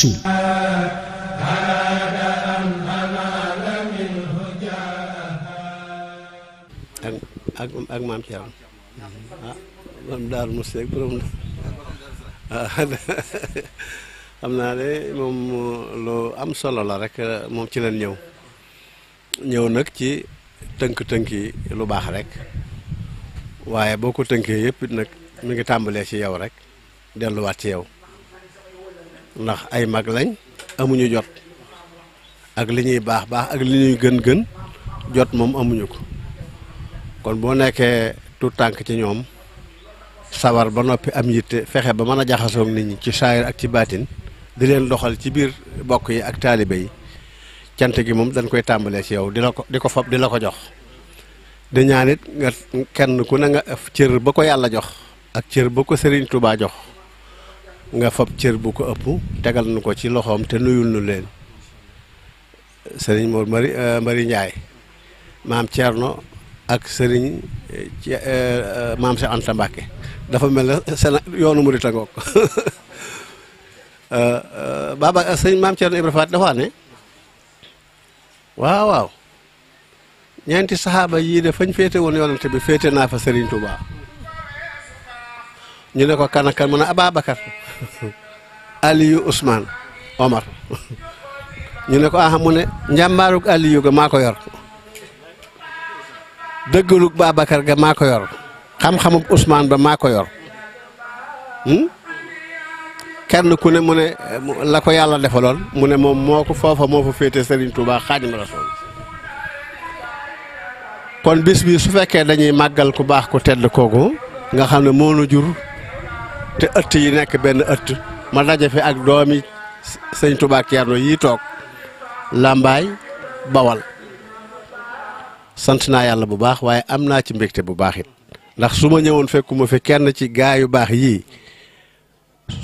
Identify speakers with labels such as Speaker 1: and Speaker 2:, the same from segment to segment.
Speaker 1: su ak ak ah, xam naa ne moom lu am solo la rek moom ci leen ñëw ñëw nag ci tënk-tënk yi lu baax rek waaye boo ko tënkee yëpp nag mi ngi tàmbalee si yow rek delluwaat ci yow. ndax ay mag lañ amuñu jot ak li ñuy baax baax ak li ñuy gën gën jot moom amuñu ko kon boo nekkee tout tànk ci ñoom sawar ba noppi am yitte fexe ba mën a jaxasoog nit ñi ci saayir ak ci baatin di leen doxal ci biir bokk yi ak taalibe yi cant gi moom dañ koy tàmbalee ci yow di la ko di ko fab di la ko jox di ñaan nga kenn ku ne nga cër ba ko yàlla jox ak cër ba ko Sëriñ Tuubaa jox nga fab cër bu ko ëpp tegal nu ko ci loxoom te nuyul nu leen sëriñ Mor mbari Mari eh, Ndiaye maam Thierno ak sëriñ eh, eh, maam Cheikh Anta dafa mel ne Sénat yoonu murit a ngoog Baba sëriñ maam Thierno Ibrahima dafa ne waaw waaw ñeenti saxaaba yii de fañ féete woon yoonante bi féete naa fa sëriñ Touba. ñu ne ko kan mu ne Ababacar Aliyu usmaan Omar ñu ne ko ah mu ne njàmbaarug Aliyu ga maa ko yor dëggalug Babacar ga maa ko yor xam-xamub Ousmane ba maa ko yor hmm? kenn ku ne mu ne la ko yàlla defaloon mu ne moom moo ko foofa moo fa féete Serigne Touba Xaadimu Rasuul kon bis bi su fekkee dañuy màggal ku baax ku tedd kooku nga xam ne moo nu jur te ëtt yi nekk benn ëtt ma daje fi ak doomi sëñ Touba Thierno yi toog Lambaay Bawal sant naa yàlla bu baax waaye am naa ci mbégte bu baax ndax su ma ñëwoon fekkuma fi kenn ci gaa yu baax yii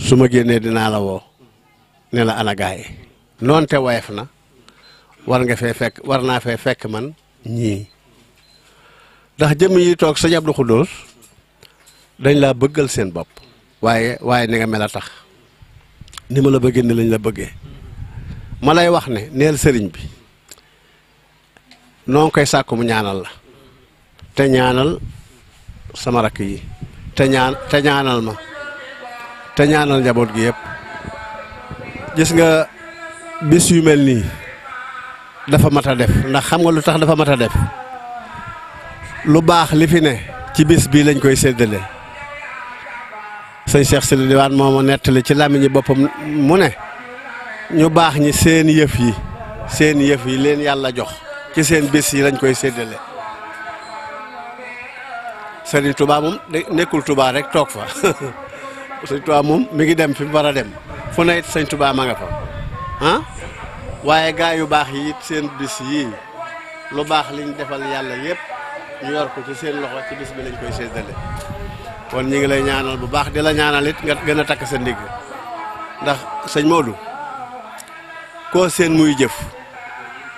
Speaker 1: su ma génnee dinaa la woo ne la ana gaa yi noonte wayef na war nga fee fekk war naa fee fekk man ñii ndax jëmm yi toog sëñ Abdou Khoudous dañ laa bëggal seen bopp waaye waaye ni nga mel a tax ni ma la bëggee ni lañ la bëggee ma lay wax ne neel sëriñ bi noo koy sàkku mu ñaanal la te ñaanal sama rakk yi te ñaan te ñaanal ma te ñaanal njaboot gi yépp gis nga bis yu mel nii dafa mat a def ndax xam nga lu tax dafa mat a def lu baax li fi ne ci bis bii lañ koy séddale sëñ Cheikh Sidi Diwaan moo ma nettali ci làmmiñi boppam mu ne ñu baax ñi seen yëf yi seen yëf yi leen yàlla jox ci seen bis yi lañ koy séddale sëriñ tubaa moom nekkul tubaa rek toog fa sëñ Touba moom mi ngi dem fi mu war a dem fu ne it sëñ Touba ma nga fa ah waaye gaa yu baax yi it seen bis yii lu baax liñ defal yàlla yëpp ñu yor ko ci seen loxo ci bis bi lañ koy seddale kon ñu ngi lay ñaanal bu baax di la ñaanal it nga gën takk sa ndigg ndax sëñ Modou koo séen muy jëf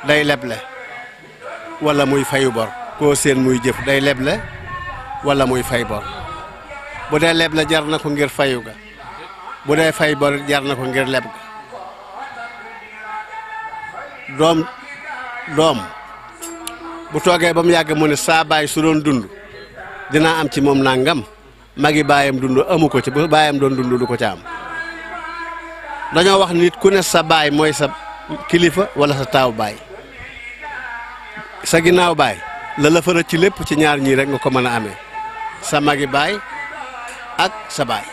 Speaker 1: day leble walla muy fayu bor koo séen muy jëf day leble wala muy fay bu dee leble jar na ko ngir fayu ga bu dee fay jar na ko ngir leb ga doom doom bu toogee ba mu yàgg mu ne saa baay su doon dund dinaa am ci moom nangam magi baayam dund amu ko ci bu baayam doon dund du ko ca am dañoo wax nit ku ne sa baay mooy sa kilifa wala sa taaw baay sa ginnaaw baay la la ci lépp ci ñaar ñii rek nga ko man a ame sa magi baay ak sa baay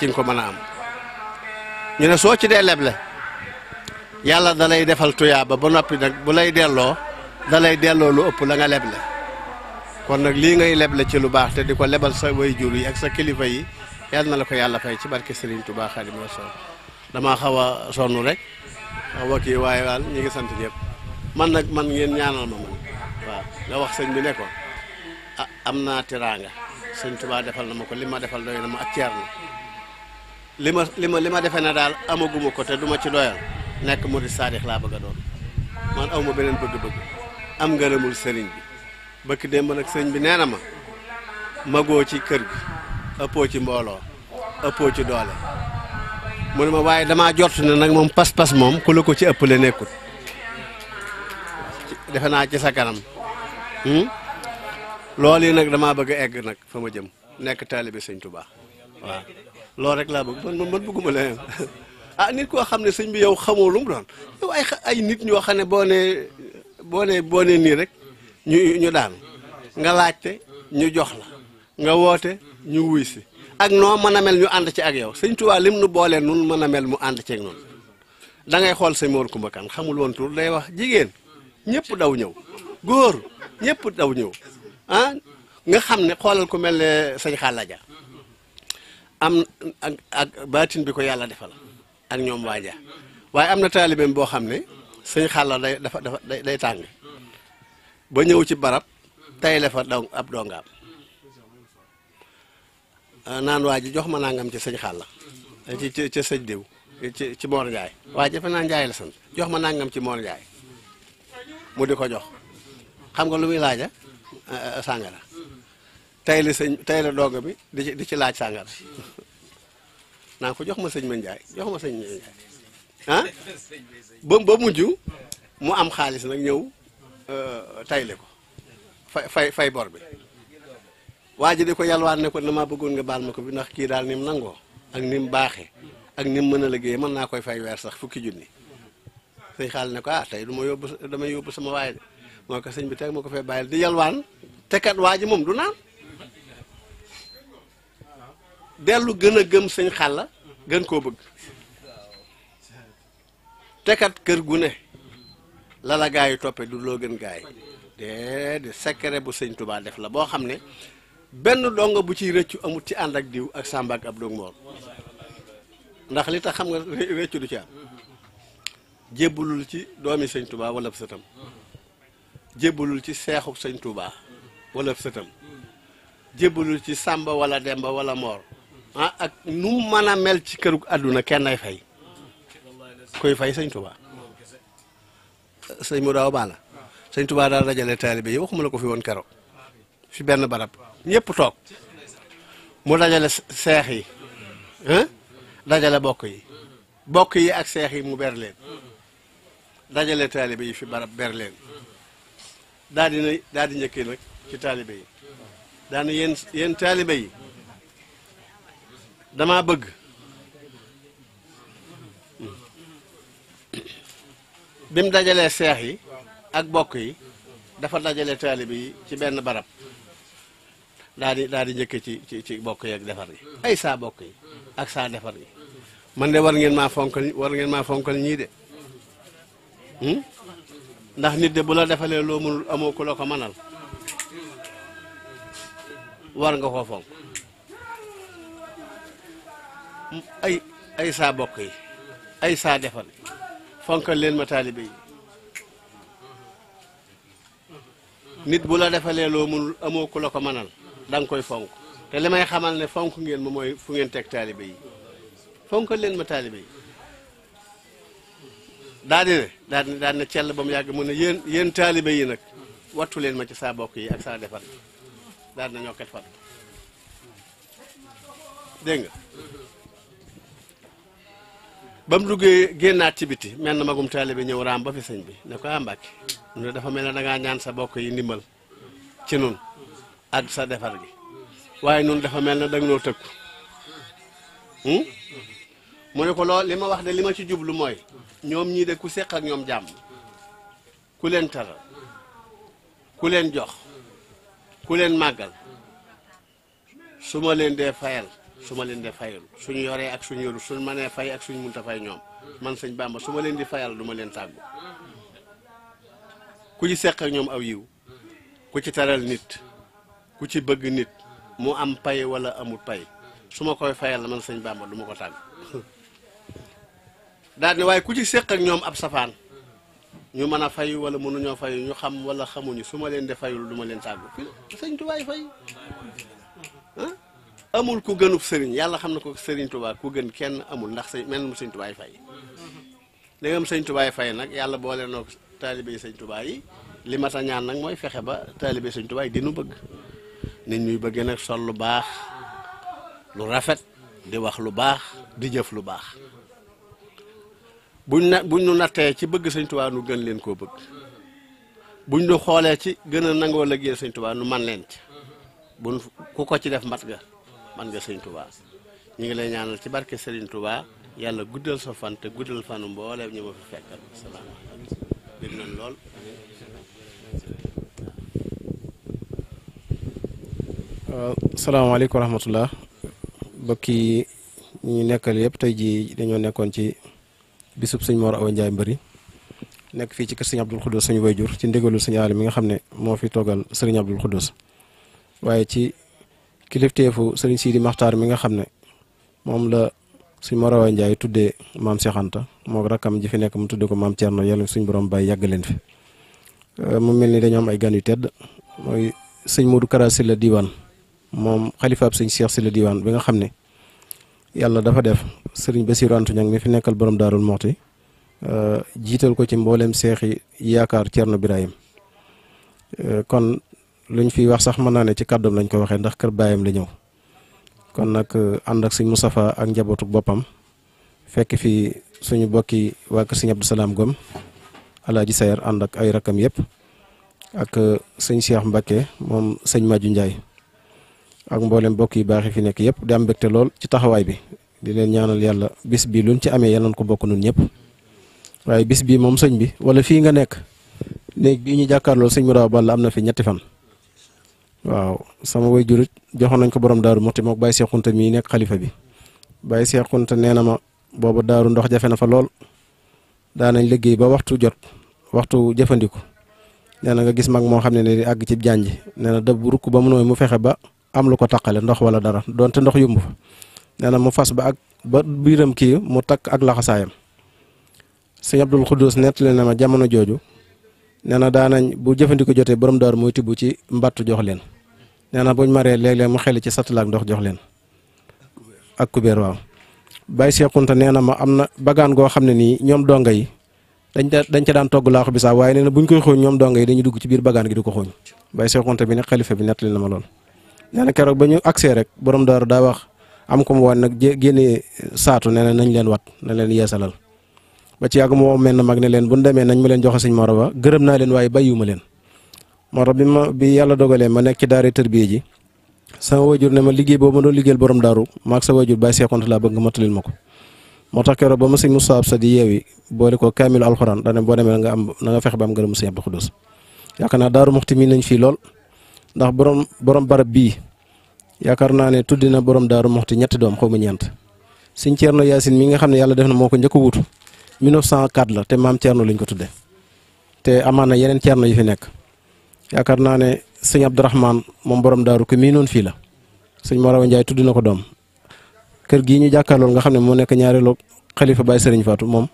Speaker 1: ci nga ko mën a am ñu ne soo ci dee leble yàlla da defal tuyaaba ba noppi nag bu lay delloo da delloo lu ëpp la nga leble kon nag lii ngay leble ci lu baax te di ko lebal sa waajur yi ak sa kilifa yi yal na la ko yàlla fay ci barke Serigne Touba Xaadimu Rasuul dama xaw a sonn rek xaw a waaye waal ñu ngi sant ñëpp man nag man ngeen ñaanal ma man waaw nga wax sëñ bi nekkoon ah, am naa teraanga sëñ Touba defal na ma ko li ma defal doy na ma ak ceer na li ma li ma li ma defee ne daal amaguma ko te du ma ci doyal nekk murid saadix laa bëgg a doon man awma beneen bëgg-bëgg am ngërëmul sëriñ bëkk démb nag sëñ bi nee na ma magoo ci kër gi ëppoo ci mbooloo ëppoo ci doole mu ne ma waaye damaa jot ne nag moom pas-pas moom ku ko ci ëppale nekkut defe naa ci sa kanam hmm? nag damaa bëgg a egg nag fa ma jëm nekk taalibe sëñ Tuubaa waaw loolu rek laa bëgg man man bëgguma leneen ah nit koo xam ne sëñ bi yow xamoo lu doon yow ay nit ñoo xam ne boo nee boo ne boo nee nii rek. ñu ñu daan nga laajte ñu jox nga woote ñu wuy si ak noo mën a mel ñu ànd ci ak yow sëñ Tuubaa lim nu boolee nun mën a mel mu ànd ceeg noonu da ngay xool sëñ Mor Kumba Kan xamul woon tur day wax jigéen ñëpp daw ñëw góor ñëpp daw ñëw ah nga xam ne xoolal ku mel ne sëñ Xaalaja am ak baatin bi ko yàlla defal ak ñoom waaja waaye am na taalibeem boo xam ne sëñ Xaala day dafa dafa day tàng ba ñëw ci barab tey la fa dong ab dongaam ah, naan waa ji jox ma nangam ci sëñ xàlla ci ci ci sëñ diw ci ci Mor waa ji defe naa la sant jox ma nàngam ci Mor Ndiaye mu di ko jox xam nga lu muy laaja ah, ah, sàngara tey la sëñ tey donga bi di ci di ci laaj sàngara naa ko jox ma sëñ ma Ndiaye jox ma sëñ ma Ndiaye ah ba ba mujj mu am xaalis nag ñëw. Euh, tayle ko fay fay fay bor bi waa ji di ko yalwaan ne ko dama bëggoon nga baal ma ko bi ndax kii daal ni mu nangoo ak ni mu baaxee ak ni mën a liggéey mën naa koy fay weer sax fukki junni sëñ xaal ne ko ah tey du ma yóbbu dama yóbbu sama waaye de moo ko sëñ bi teg ma ko fay bàyyil di yalwaan te kat waa ji moom du naan dellu gën a gëm sëñ xàlla gën koo bëgg te kër gu ne la la toppe yi du loo gën gaa yi déedéet secret bu sëñ Touba def la boo xam ne benn dongo bu ci rëccu amut ci ànd ak diw ak Samba ak Abdou Mor ndax li tax xam nga rëccu du ci am jébbalul ci doomi sëñ Touba wala sëtam jébbalul ci seexu sëñ Touba wala ci Samba wala Demba wala moor ah ak nu mën mel ci kërug àdduna kenn ay fay koy fay sëñ Touba. sëñ mu daa baa la sëñ tubaa daal dajale taalibe yi waxuma la ko fi won kero fi benn barab ñëpp toog mu dajale seex yi dajale bokk yi bokk yi ak seex yi mu ber leen dajale taalibe yi fi barab ber leen di na nag ci taalibe yi daana yéen yéen yi damaa bëgg bi dajalee seex yi ak bokk yi dafa dajale taalibe yi ci benn barab daal di daal di njëkkee ci ci ci bokk yi ak defar yi ay saa bokk yi ak saa defar yi man de war ngeen maa fonkal war ngeen maa fonkal ñii de hmm? ndax nit de bu la defalee loo mënul amoo ku la ko mënal war nga koo fonk ay ay saa bokk ay saa defar fonk leen ma taalibe nit bu la defalee loo mënul amoo ku la ko mënal da nga koy fonk te li may xamal ne fonk ngeen ma mooy fu ngeen teg taalibe yi fonkal leen ma taalibe yi daa di ne daa di daa di ne cell ba yàgg mu ne yéen yéen taalibe yi nag wattu leen ma ci saa bokk yi ak saa defar daa di na ñokket nga ba mu duggee génnaat ci biti mel na magum bi ñëw raam ba fi bi na ko ah Mbàkke ne dafa mel ne dangaa ñaan sa bokk yi ndimbal ci nun ak sa defar gi waaye nun dafa mel ne danga noo tëkku hmm? mu ne ko lool li ma wax de li ma ci jublu mooy ñoom ñii de ku seq ak ñoom jàmm ku leen taral ku leen jox ku leen màggal suma leen dee fayal su ma leen de fayal suñu yoree ak suñu yoru suñ manee fay ak suñu munta fay ñoom man sëñ Bàmba su ma leen di fayal du ma leen tàggu ku ci seq ñoom aw yiw ku ci taral nit ku ci bëgg nit mu am pay wala amul pay su ma koy fayal man sëñ Bàmba du ko tàggu daal waaye ku ci seq ak ñoom ab safaan ñu mën a fayu wala mënuñoo fay ñu xam wala xamuñu su ma leen di fayul duma leen tàggu sëñ tubaay fay amul ku gënu sëriñ yàlla xam na ko sëriñ tubaa ku gën kenn amul ndax sëñ mel mu sëñ tubaay fay li nga sëñ tubaay fay nag yàlla boole noo taalibe yi sëñ tubaa yi li mat a ñaan nag mooy fexe ba taalibe sëñ tubaa yi bëgg nit ñuy bëgg nag sol lu baax lu rafet di wax lu baax di jëf lu baax buñ na buñ nu nattee ci bëgg sëñ tubaa nu gën leen koo bëgg buñ nu xoolee ci gën a nangoo liggéeyal sëñ tubaa nu man leen ci buñ ku ko ci def mat ga man nga sëñ Touba ñu ngi lay ñaanal ci barke Serigne tubaa yàlla guddal sa fan te guddal fanu mbooleem ñu ma fi fekkal salaamaaleykum dégg nañ
Speaker 2: lool. mbokk yi ñu nekkal yëpp tey jii dañoo nekkoon ci bisub sëñ Mor Awa Mbëri nekk fii ci kër sëñ Abdul Xudus suñu wayjur ci ndigalul sëñ Aali mi nga xam ne moo fi toogal sëriñ Abdul Xudus waaye ci fu sëriñ Sidi Maxtaar mi nga xam ne moom la suñ Morowa Njaay tuddee maam seexanta Anta moo rakkam ji fi nekk mu tuddee ko maam Thierno yàlla suñ borom bay yàgg leen fi euh, mu mel ni dañoo am ay gan yu tedd mooy sëñ Modou Kara Sylla Diwane moom xalifaab sëñ Cheikh Sylla Diwane bi nga xam ne yàlla dafa def sëriñ ba Antou Niang mi fi nekkal borom Daarul Moxti euh, jiital ko ci mbooleem seexi yaakaar Thierno Birahim euh, kon lu ñu fiy wax sax mën naa ne ci kàddoom lañ ko waxee ndax kër baayam la ñëw kon nag euh, ànd ak sëñ Moustapha ak njabootu boppam fekk fii suñu bokki waa kër sëñ Abdou Salaam Gom alaaji Sayer ànd ak ay rakam yëpp ak euh, sëñ Cheikh Mbacke moom sëñ Maju njaay ak mboolem bokk yu baax yi fi nekk yëpp di am mbégte lool ci taxawaay bi di leen ñaanal yàlla bis bii luñ ci amee yal ko bokk nun ñëpp waaye bis bii moom sëñ bi wala fii nga nekk néeg bii ñu jàkkaarloo sëñ Mourao Balla am na fi ñetti fan. waaw sama way jurit joxoon nañ ko boroom daaru Muxti mook Baye Cheikh Kounta mii nekk xalifa bi Baye Cheikh Kounta nee na ma booba daaru ndox jafe na fa lool daanañ liggéey ba waxtu jot waxtu jëfandiku nee na nga gis mag moo xam ne ne àgg ci jànj nee na dëbb rukk ba mu nooy mu fexe ba am lu ko taqale ndox wala dara donte ndox yumb fa nee na mu fas ba ak ba biiram kii mu takk ak laxasaayam sëñ Abdul Xuddus nettali na ma jamono jooju nee na daanañ bu jëfandiku jotee borom daaru mooy tibb ci mbattu jox leen nee na ñu maree léeg-léeg mu xeli ci satalaak ndox jox leen ak kubeer waaw Baye Cheikh Kounta nee na ma am na bagaan goo xam ne nii ñoom donga yi dañ ca dañ ca daan togg laaxu bisaab waaye nee na buñ koy xooñ ñoom donga yi dañuy dugg ci biir bagaan gi di ko xooñ Baye Cheikh Kounta bi ne xalifa bi nettali na ma lool nee na keroog ba ñu agsee rek borom daaru daa wax am ko mu woon nag génne saatu nee nañ leen wat na leen yeesalal ba ci yàgg moo mel na mag na leen bu ñu demee nañ ma leen joxe sëñ Moro ba gërëm naa leen waaye bàyyiwuma leen moo tax bi ma bi yàlla dogalee ma nekk ci daara tërbiye ji sama waajur ne ma liggéey boobu ma doon liggéeyal borom daaru maag sa waajur bàyyi seexonte laa bëgg nga matalil ma ko moo tax keroog ba ma sëñ Moussa sa di yeewi boole ko kaamilu alxuraan daane boo demee nga am na nga fexe ba am ngërëm sëñ Abdou Khoudous yaakaar daaru muxti mii nañ fii lool ndax borom borom barab bii yaakaar naa ne tuddi na borom daaru muxti ñetti doom xaw ma ñeent sëñ Thierno Yacine mi nga xam ne yàlla def na moo ko njëkk a wuutu 1904 la te maam Thierno lañ ko tudde te amaana yeneen Thierno yu fi nekk yaakaar naa ne sëñ Abdourahman moom borom daaru ko mii noonu fii la sëñ Morawa Ndiaye tudd na ko doom kër gii ñu jàkkaarlool nga xam ne moo nekk ñaareelu xalifa Baye Serigne Fatou moom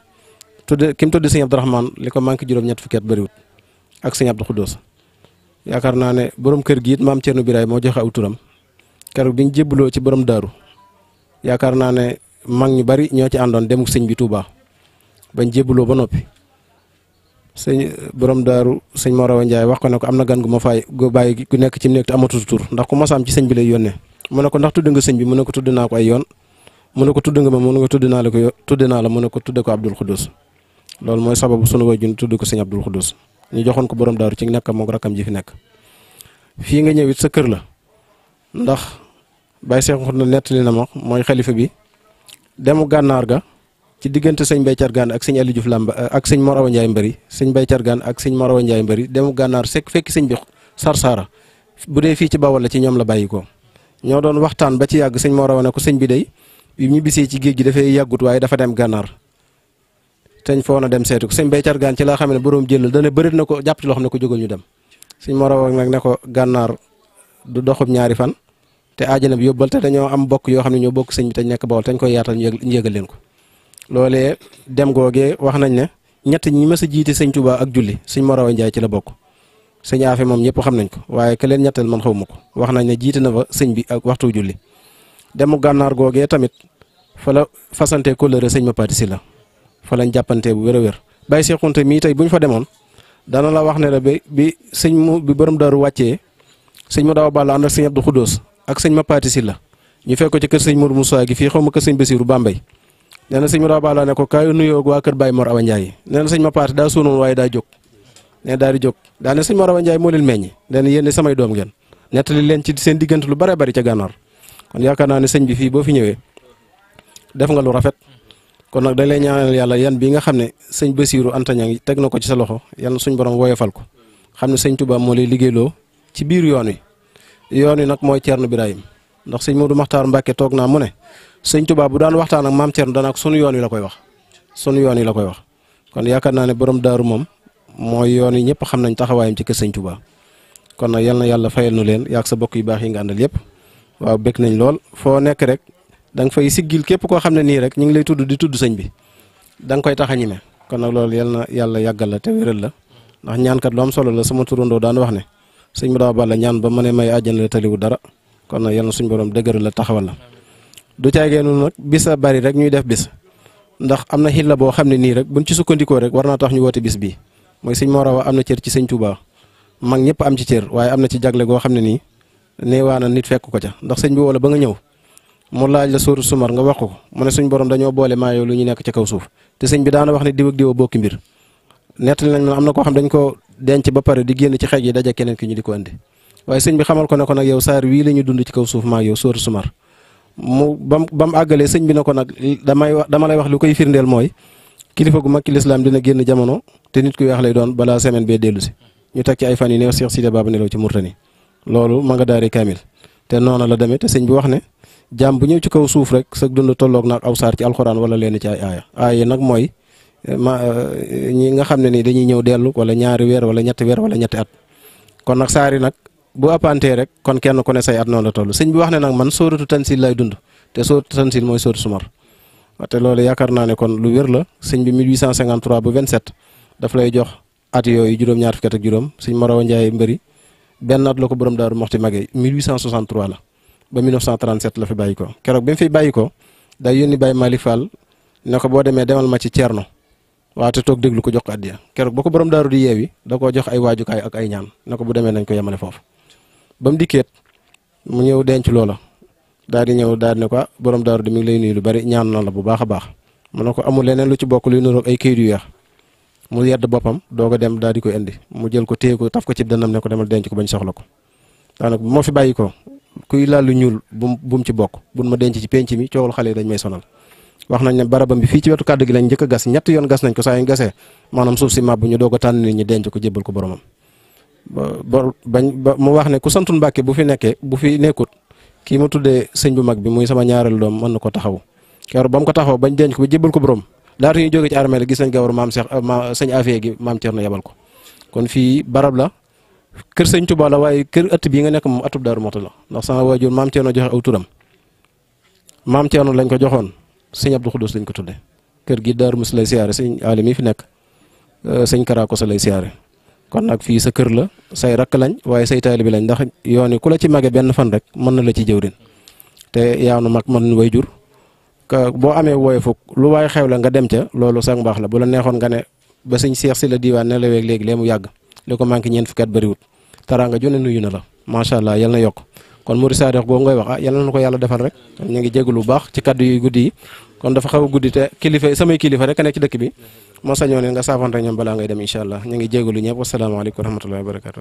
Speaker 2: tudd ki mu tudd sëñ Abdourahman li ko manqué juróom-ñett fukki at bëriwut ak sëñ Abdou Khoudous yaakaar naa ne borom kër gi it maam Thierno Biraye moo jox aw turam keroog bi ñu jébbaloo ci borom daaru yaakaar naa ne mag ñu bari ñoo ci àndoon demuk sëñ bi Touba bañ jébbaloo ba noppi sëñ borom daaru sëñ Morawa Ndiaye wax ko ne ko am na gan gu ma faay gu bàyyi ku nekk ci nekk te amatul tur ndax ku masaam ci sëñ bi lay yónnee mu ne ko ndax tudd nga sëñ bi mu ne ko tudd naa ko ay yoon mu ne ko tudd nga ma mu ne ko tudd naa la ko tudd naa la mu ne ko tudde ko Abdul Xudus loolu mooy sababu sunu wajun tudd ko sëñ Abdul Xudus ñu joxoon ko borom daaru ci nekk moog rakam ji fi nekk fii nga ñëw it sa kër la ndax bay Baye Cheikh Ndour nettali na ma mooy xalifa bi demu gànnaar ga ci diggante sëñ Mbaye gaan ak sëñ Aliou Diouf ak sëñ Mor Awa mbari Mbëri eh, sëñ Mbaye Cargaan ak sëñ Mor Awa Ndiaye Mbëri demu gànnaar sekk fekki sëñ bi Sarsara bu dee fii ci Bawol la ci ñoom la bàyyi ko ñoo doon waxtaan ba ci yàgg sëñ Mor Awa ko sëñ bi dey bi ñu bisee géej gi dafay yàggut waaye dafa dem gànnaar teñ foo na dem seetu ko sëñ Mbaye ci laa xam ne boroom jëlal dana bërit na ko jàpp ci ko jógal ñu dem sëñ Mor Awa nag ne ko gànnaar du doxub ñaari fan te aajana bi yóbbal te dañoo am bokk yoo xam ne ñoo bokk sëñ bi te nekk Bawol te ñu koy yaatal ñu yëgal leen ko loolee dem googee wax nañ ne ñett ñi mës a jiite sëñ Touba ak julli sëñ Morawa Njaay ci la bokk sëñ Afe moom ñëpp xam nañ ko waaye ke leen ñetteel man xaw ma ko wax nañ ne jiite na fa sëñ bi ak waxtu julli demu gànnaar googee tamit fa la fasante kóllëre sëñ ma paati si la fa lañ jàppante bu wér a wér bàyyi si mii tey bu ñu fa demoon dana la wax ne la bi bi sëñ mu bi borom daaru wàccee sëñ mu daaw bàll ànd ak sëñ Abdou Khoudous ak sëñ ma paati la ñu fekk ci kër sëñ Mourou Moussa gi fii xaw ma kër sëñ Basiru Bambey nee na sëñ Modou Abala ne ko kaay nuyoo waa kër Baye Mor Awa Ndiaye nee na ma paate daa suunoon waaye daa jóg ne daal di jóg daa ne sëñ Mor Awa moo leen meññi nee na yéen samay doom ngeen nettali leen ci seen diggante lu bare bari ca gànnaar kon yaakaar naa ne sëñ bi fii boo fi ñëwee def nga lu rafet kon nag dañ lay ñaanal yàlla yan bii nga xam ne sëñ Basiiru Anta Ñaŋ teg na ko ci sa loxo yàlla suñ borom woyofal ko xam ne sëñ Tuubaa moo lay liggéeyloo ci biir yoon wi yoon wi nag mooy Ceerno Birahim ndax sëñ Modou Maxtaar Mbàkke toog naa mu ne sëñ tubaa bu daan waxtaan ak maam Thierno danaa ko sunu yoon yi la koy wax sunu yoon yi la koy wax kon yaakaar naa ne boroom daaru moom mooy yoon yi ñëpp xam nañ taxawaayam ci kër sëñ Tuubaa kon nag yal na yàlla fayal nu leen yaag sa bokk yu baax yi nga àndal yëpp waaw bëgg nañ lool foo nekk rek da fay siggil képp koo xam ne nii rek ñu ngi lay tudd di tudd sëñ bi da koy tax a kon nag loolu yal na yàlla yàggal la te wéral la ndax ñaankat lu am solo la suma turandoo daan wax ne sëñ mu daa balla ñaan ba ma ne may àjjana la taliwu dara kon nag yal na suñ borom dëgëral la taxawal la du caageenu nag bis a bari rek ñuy def bis ndax am na la boo xam ne nii rek bu buñ ci sukkandikoo rek war naa tax ñu woote bis bii mooy sëñ Morawa am na cër ci sëñ Touba mag ñëpp am ci cër waaye am na ci jagle goo xam ne nii neewaa na nit fekk ko ca ndax sëñ bi wala ba nga ñëw mu laaj la sóoru sumar nga wax ko mu ne suñ borom dañoo boole maa yow lu ñu nekk ci kaw suuf te sëñ bi daana wax ne diw ak diw a bokki mbir nettali nañ man am na koo xam dañ ko denc ba pare di génn ci xeej yi daje kene ki ñu di ko andi waaye sëñ bi xamal ko ne ko nag yow saar wii la ñu dund ci kaw suuf maa yow sóoru mu bam ba mu àggalee sëñ bi na ko nag damay wax dama lay wax lu koy firndeel mooy kilifa gu mag ci lislaam dina génn jamono te nit ku weex lay doon balaa semaine bee dellusi ñu teg ci ay fan yu néew Cheikh Sidi Baba nelaw ci Murtani loolu ma nga daari kaamil te noona la demee te sëñ bi wax ne jàmm bu ñëw ci kaw suuf rek sa dund tolloog naag aw saar ci alxuraan wala leen ci ay aaya aaya nag mooy ma ñi nga xam ne nii dañuy ñëw dellu wala ñaari weer wala ñetti weer wala ñetti at boo appantee rek kon kenn ku ne say at noonu la toll sëñ bi wax ne nag man sóoratu tansil lay dund te sóoratu tansil mooy sóoratu sumar te loolu yaakaar naa ne kon lu wér la sëñ bi 1853 ba 27 daf lay jox at yooyu juróom-ñaar fukki at ak juróom sëñ Marawa Ndiaye mbëri benn at la ko borom daaru moxti magee 1863 la ba 1937 la fi bàyyi ko keroog bi mu fi bàyyi ko day yónni Baye Malick Fall ne ko boo demee demal ma ci Thierno waaw te toog déglu ko jox ko addiya keroog ba ko borom daaru di yeewi da koo jox ay waajukaay ak ñaan ne ko bu demee nañ ko yemale foofu ba mu dikkeet mu ñëw denc loola daal di ñëw daal di ne ko ah, borom daaru di mi ngi lay nuyu lu bari ñaan na la bu baax a baax mu ne ko amul leneen lu ci bokk luy nuroog ay kayit yu weex mu yedd boppam doog a dem daal di ko indi mu jël ko téye ko taf ko ci dënnam ne ko demal denc ko bañ soxla ko daanaka bu fi bàyyi ko kuy laal lu ñuul bu bu mu ci bokk buñ ma denc ci penc mi coowal xale yi dañ may sonal wax nañ ne barabam bi fii ci wetu kàddu gi lañ njëkk gas ñett yoon gas nañ ko saa yu gasee maanaam suuf si ñu doog a tànn nit ñi denc ko jébbal ko boromam bor bañ ba mu wax ne ku santul Mbàkke bu fi nekkee bu fi nekkut kii mu tuddee sëñ bu mag bi muy sama ñaareelu doom mën na ko taxaw keroog ba mu ko taxaw bañ denc ko ba jébbal ko borom laata ñuy jóge ci armée la gis nañ gawar maam Seex ma sëñ gi maam Cerno yebal ko kon fii barab la kër sëñ Tuubaa la waaye kër ëtt bii nga nekk moom atub Daaru Muxti la ndax sama waajur maam Cerno joxe aw turam maam Cerno lañ ko joxoon sëñ Abdou Xudoos lañ ko tudde kër gi Daaru Muxti lay siyaare sëñ Aali mi fi nekk euh, sëñ Karaako sa lay siyaare kon nag fii sa kër la say rakk lañ waaye say bi lañ ndax yoon yi ku la ci mage benn fan rek mën na la ci jëwrin te yaa nu mag mën nu way jur boo amee wooye fukk lu waaye xew la nga dem ca loolu sax mbaax la bu la neexoon nga ne ba sëñ Seex si la diiwaan ne la weeg léegi lee mu yàgg li ko manqué ñeent fukki at bëriwut taraanga jone nuyu na la macha allah yal na yokk kon Mouride Sadikh boobu ngay wax ah yal na ko yàlla defal rek ñu ngi jégalu bu baax ci kaddu yu guddi kon dafa xaw a guddi te kilifa samay kilifa rek a nekk ci dëkk bi moo sañoo ne nga saafante ñoom balaa ngay dem incha allah ñu ngi jégalu ñëpp wasalaamaaleykum wa rahmatullahi wa barakatu